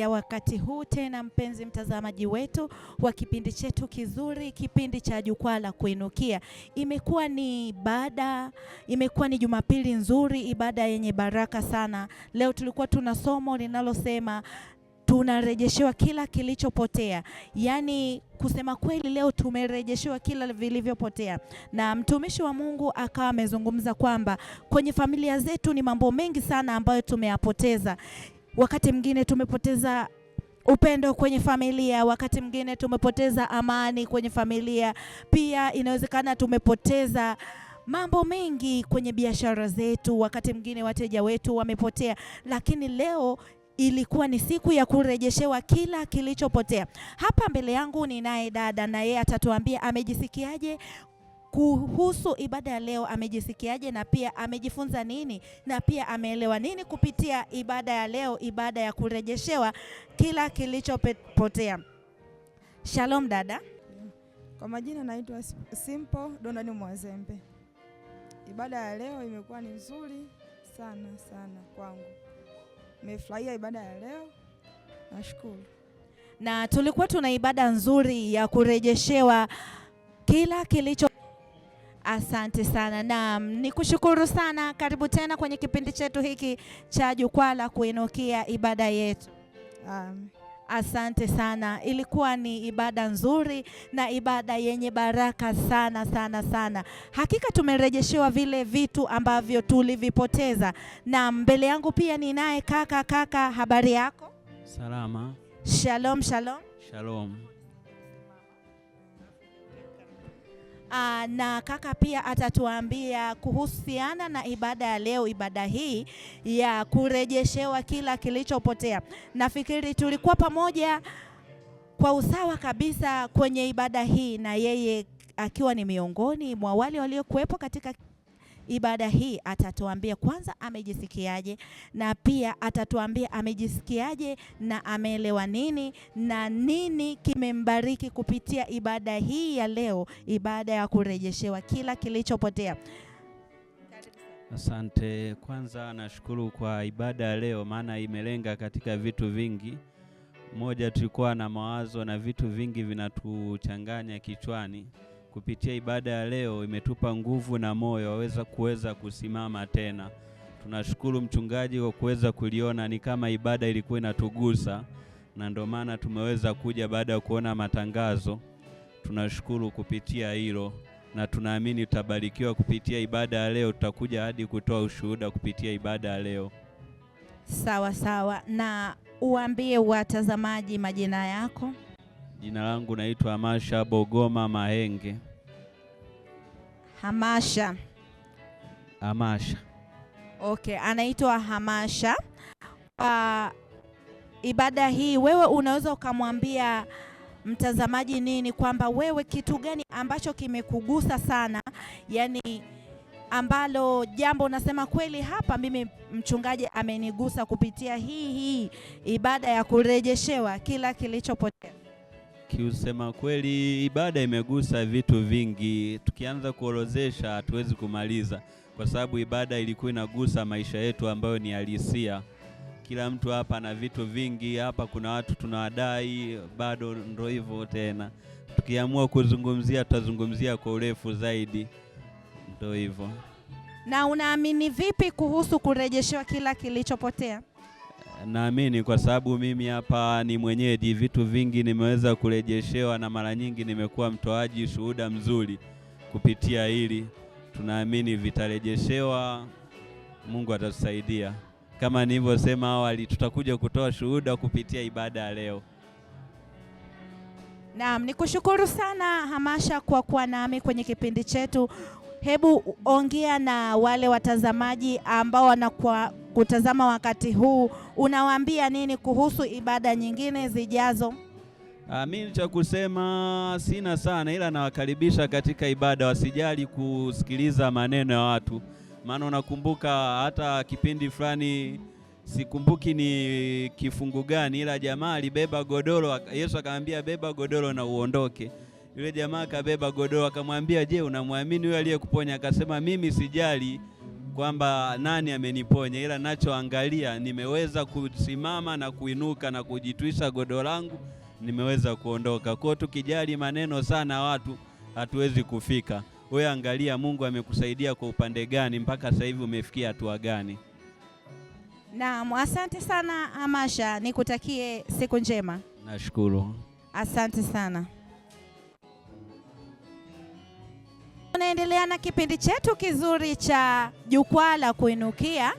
ya wakati huu tena, mpenzi mtazamaji wetu wa kipindi chetu kizuri, kipindi cha Jukwaa la Kuinukia. Imekuwa ni ibada, imekuwa ni Jumapili nzuri, ibada yenye baraka sana. Leo tulikuwa tuna somo linalosema tunarejeshewa kila kilichopotea, yaani kusema kweli leo tumerejeshewa kila vilivyopotea, na mtumishi wa Mungu akawa amezungumza kwamba kwenye familia zetu ni mambo mengi sana ambayo tumeyapoteza. Wakati mwingine tumepoteza upendo kwenye familia, wakati mwingine tumepoteza amani kwenye familia. Pia inawezekana tumepoteza mambo mengi kwenye biashara zetu, wakati mwingine wateja wetu wamepotea, lakini leo ilikuwa ni siku ya kurejeshewa kila kilichopotea. Hapa mbele yangu ninaye dada na yeye atatuambia amejisikiaje kuhusu ibada ya leo amejisikiaje, na pia amejifunza nini, na pia ameelewa nini kupitia ibada ya leo, ibada ya kurejeshewa kila kilichopotea. Shalom dada. Kwa majina naitwa Simple Dondani Mwazembe. Ibada ya leo imekuwa ni nzuri sana sana kwangu, nimefurahia ibada ya leo, nashukuru. Na tulikuwa tuna ibada nzuri ya kurejeshewa kila kilicho Asante sana naam, ni kushukuru sana. Karibu tena kwenye kipindi chetu hiki cha Jukwaa la Kuinukia, ibada yetu um. Asante sana, ilikuwa ni ibada nzuri na ibada yenye baraka sana sana sana. Hakika tumerejeshewa vile vitu ambavyo tulivipoteza, na mbele yangu pia ninaye kaka. Kaka, habari yako? Salama. Shalom, shalom. Shalom. Aa, ah, na kaka pia atatuambia kuhusiana na ibada ya leo, ibada hii ya kurejeshewa kila kilichopotea. Nafikiri tulikuwa pamoja kwa usawa kabisa kwenye ibada hii, na yeye akiwa ni miongoni mwa wale waliokuwepo katika ibada hii atatuambia kwanza amejisikiaje, na pia atatuambia amejisikiaje na ameelewa nini na nini kimembariki kupitia ibada hii ya leo, ibada ya kurejeshewa kila kilichopotea. Asante. Kwanza nashukuru kwa ibada ya leo, maana imelenga katika vitu vingi. Moja, tulikuwa na mawazo na vitu vingi vinatuchanganya kichwani kupitia ibada ya leo imetupa nguvu na moyo waweza kuweza kusimama tena. Tunashukuru mchungaji kwa kuweza kuliona ni kama ibada ilikuwa inatugusa, na ndio maana tumeweza kuja baada ya kuona matangazo. Tunashukuru kupitia hilo, na tunaamini tutabarikiwa kupitia ibada ya leo. Tutakuja hadi kutoa ushuhuda kupitia ibada ya leo. Sawa sawa, na uambie watazamaji majina yako. Jina langu naitwa Amasha Bogoma Mahenge. Hamasha. Hamasha. Okay, anaitwa Hamasha. Uh, ibada hii wewe unaweza ukamwambia mtazamaji nini, kwamba wewe kitu gani ambacho kimekugusa sana, yani ambalo jambo unasema kweli, hapa mimi mchungaji amenigusa kupitia hii hii ibada ya kurejeshewa kila kilichopotea. Kiusema kweli, ibada imegusa vitu vingi, tukianza kuorozesha hatuwezi kumaliza, kwa sababu ibada ilikuwa inagusa maisha yetu ambayo ni halisia. Kila mtu hapa ana vitu vingi hapa, kuna watu tunawadai bado, ndo hivyo tena. Tukiamua kuzungumzia tutazungumzia kwa urefu zaidi, ndo hivyo. Na unaamini vipi kuhusu kurejeshewa kila kilichopotea? Naamini kwa sababu mimi hapa ni mwenyeji, vitu vingi nimeweza kurejeshewa, na mara nyingi nimekuwa mtoaji shuhuda mzuri kupitia hili. Tunaamini vitarejeshewa, Mungu atatusaidia. Kama nilivyosema awali, tutakuja kutoa shuhuda kupitia ibada ya leo. Naam, nikushukuru sana Hamasha kwa kuwa nami kwenye kipindi chetu. Hebu ongea na wale watazamaji ambao kutazama wakati huu, unawaambia nini kuhusu ibada nyingine zijazo? Ah, mimi cha kusema sina sana, ila nawakaribisha katika ibada, wasijali kusikiliza maneno ya watu, maana unakumbuka hata kipindi fulani sikumbuki ni kifungu gani, ila jamaa alibeba godoro, Yesu akamwambia beba godoro na uondoke. Yule jamaa akabeba godoro akamwambia, je, unamwamini yule aliyekuponya? Akasema, mimi sijali kwamba nani ameniponya, ila nachoangalia nimeweza kusimama na kuinuka na kujitwisha godoro langu, nimeweza kuondoka. Kwa tukijali maneno sana watu hatuwezi kufika. Wewe angalia Mungu amekusaidia kwa upande gani, mpaka sasa hivi umefikia hatua gani? Naam, asante sana Amasha, nikutakie siku njema. Nashukuru, asante sana. Tunaendelea na kipindi chetu kizuri cha jukwaa la kuinukia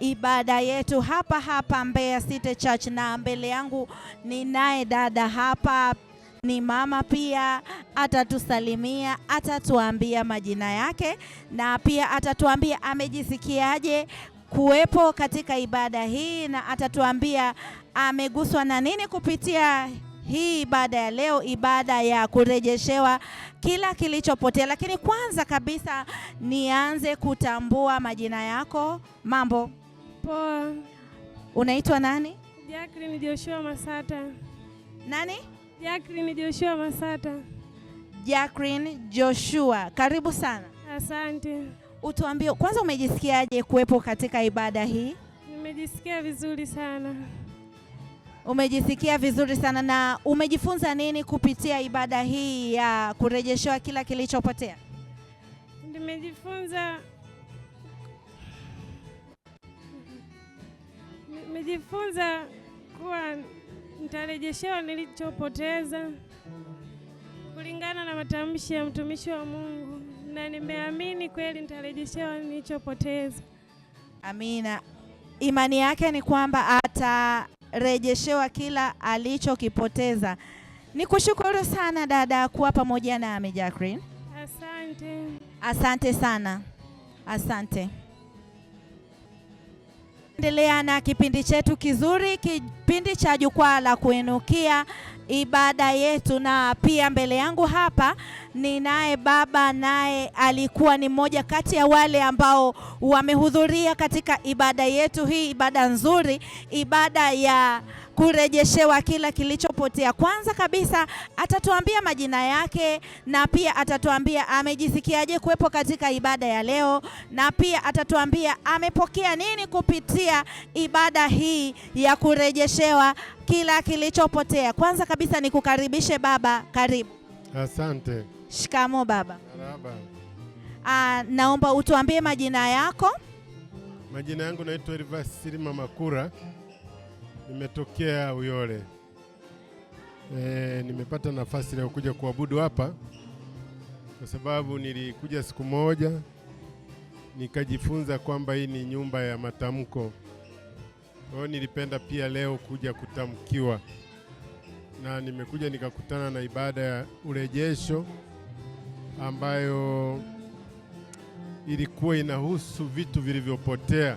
ibada yetu hapa hapa Mbeya City Church, na mbele yangu ninaye dada hapa, ni mama pia, atatusalimia atatuambia majina yake na pia atatuambia amejisikiaje kuwepo katika ibada hii na atatuambia ameguswa na nini kupitia hii ibada ya leo, ibada ya kurejeshewa kila kilichopotea. Lakini kwanza kabisa nianze kutambua majina yako. Mambo poa, unaitwa nani? Jacqueline Joshua Masata. Nani? Jacqueline Joshua Masata. Jacqueline Joshua, karibu sana. Asante. Utuambie kwanza, umejisikiaje kuwepo katika ibada hii? Nimejisikia vizuri sana. Umejisikia vizuri sana na umejifunza nini kupitia ibada hii ya kurejeshewa kila kilichopotea? Nimejifunza nimejifunza kuwa nitarejeshewa nilichopoteza kulingana na matamshi ya mtumishi wa Mungu, na nimeamini kweli nitarejeshewa nilichopoteza. Amina. Imani yake ni kwamba ata rejeshewa kila alichokipoteza. Nikushukuru sana dada kuwa pamoja nami Jacqueline. Asante. Asante sana. Asante. Endelea na kipindi chetu kizuri, kipindi cha jukwaa la kuinukia ibada yetu, na pia mbele yangu hapa Ninaye baba naye alikuwa ni mmoja kati ya wale ambao wamehudhuria katika ibada yetu hii, ibada nzuri, ibada ya kurejeshewa kila kilichopotea. Kwanza kabisa atatuambia majina yake na pia atatuambia amejisikiaje kuwepo katika ibada ya leo, na pia atatuambia amepokea nini kupitia ibada hii ya kurejeshewa kila kilichopotea. Kwanza kabisa nikukaribishe baba, karibu. Asante. Shikamo baba. Marahaba. Aa, ah, naomba utuambie majina yako. Majina yangu naitwa Elvas Silima Makura, nimetokea Uyole. E, nimepata nafasi leo kuja kuabudu hapa kwa sababu nilikuja siku moja nikajifunza kwamba hii ni nyumba ya matamko. Kwa hiyo nilipenda pia leo kuja kutamkiwa, na nimekuja nikakutana na ibada ya urejesho ambayo ilikuwa inahusu vitu vilivyopotea.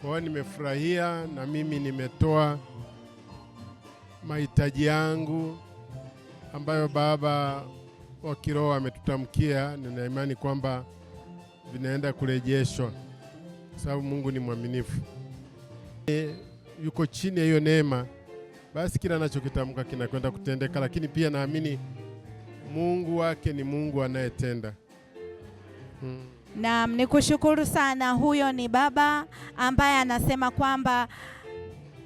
Kwa hiyo nimefurahia na mimi nimetoa mahitaji yangu ambayo Baba wa kiroho ametutamkia. Nina imani kwamba vinaenda kurejeshwa kwa sababu Mungu ni mwaminifu. E, yuko chini ya hiyo neema, basi kila anachokitamka kinakwenda kutendeka, lakini pia naamini Mungu wake ni Mungu anayetenda. Hmm. Naam, nikushukuru sana. Huyo ni baba ambaye anasema kwamba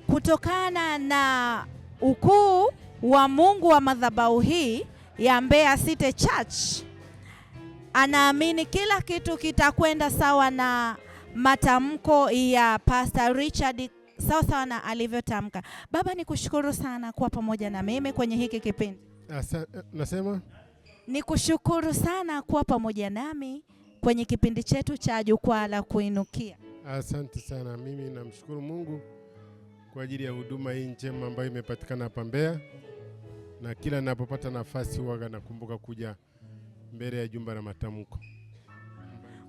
kutokana na ukuu wa Mungu wa madhabahu hii ya Mbeya City Church, anaamini kila kitu kitakwenda sawa na matamko ya Pastor Richard sawa sawa na alivyotamka. Baba, nikushukuru sana kuwa pamoja na mimi kwenye hiki kipindi. Asa, eh, nasema ni kushukuru sana kuwa pamoja nami kwenye kipindi chetu cha Jukwaa la Kuinukia. Asante sana. Mimi namshukuru Mungu kwa ajili ya huduma hii njema ambayo imepatikana hapa Mbeya, na kila ninapopata nafasi huwa nakumbuka kuja mbele ya jumba la matamko.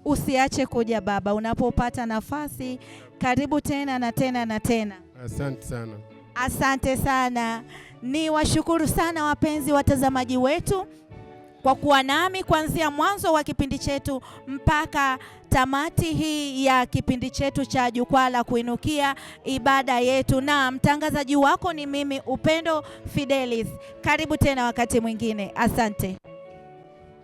Usiache kuja baba, unapopata nafasi. Karibu tena na tena na tena. Asante sana, asante sana. Ni washukuru sana wapenzi watazamaji wetu kwa kuwa nami kuanzia mwanzo wa kipindi chetu mpaka tamati hii ya kipindi chetu cha Jukwaa la Kuinukia, ibada yetu, na mtangazaji wako ni mimi Upendo Fidelis. Karibu tena wakati mwingine, asante.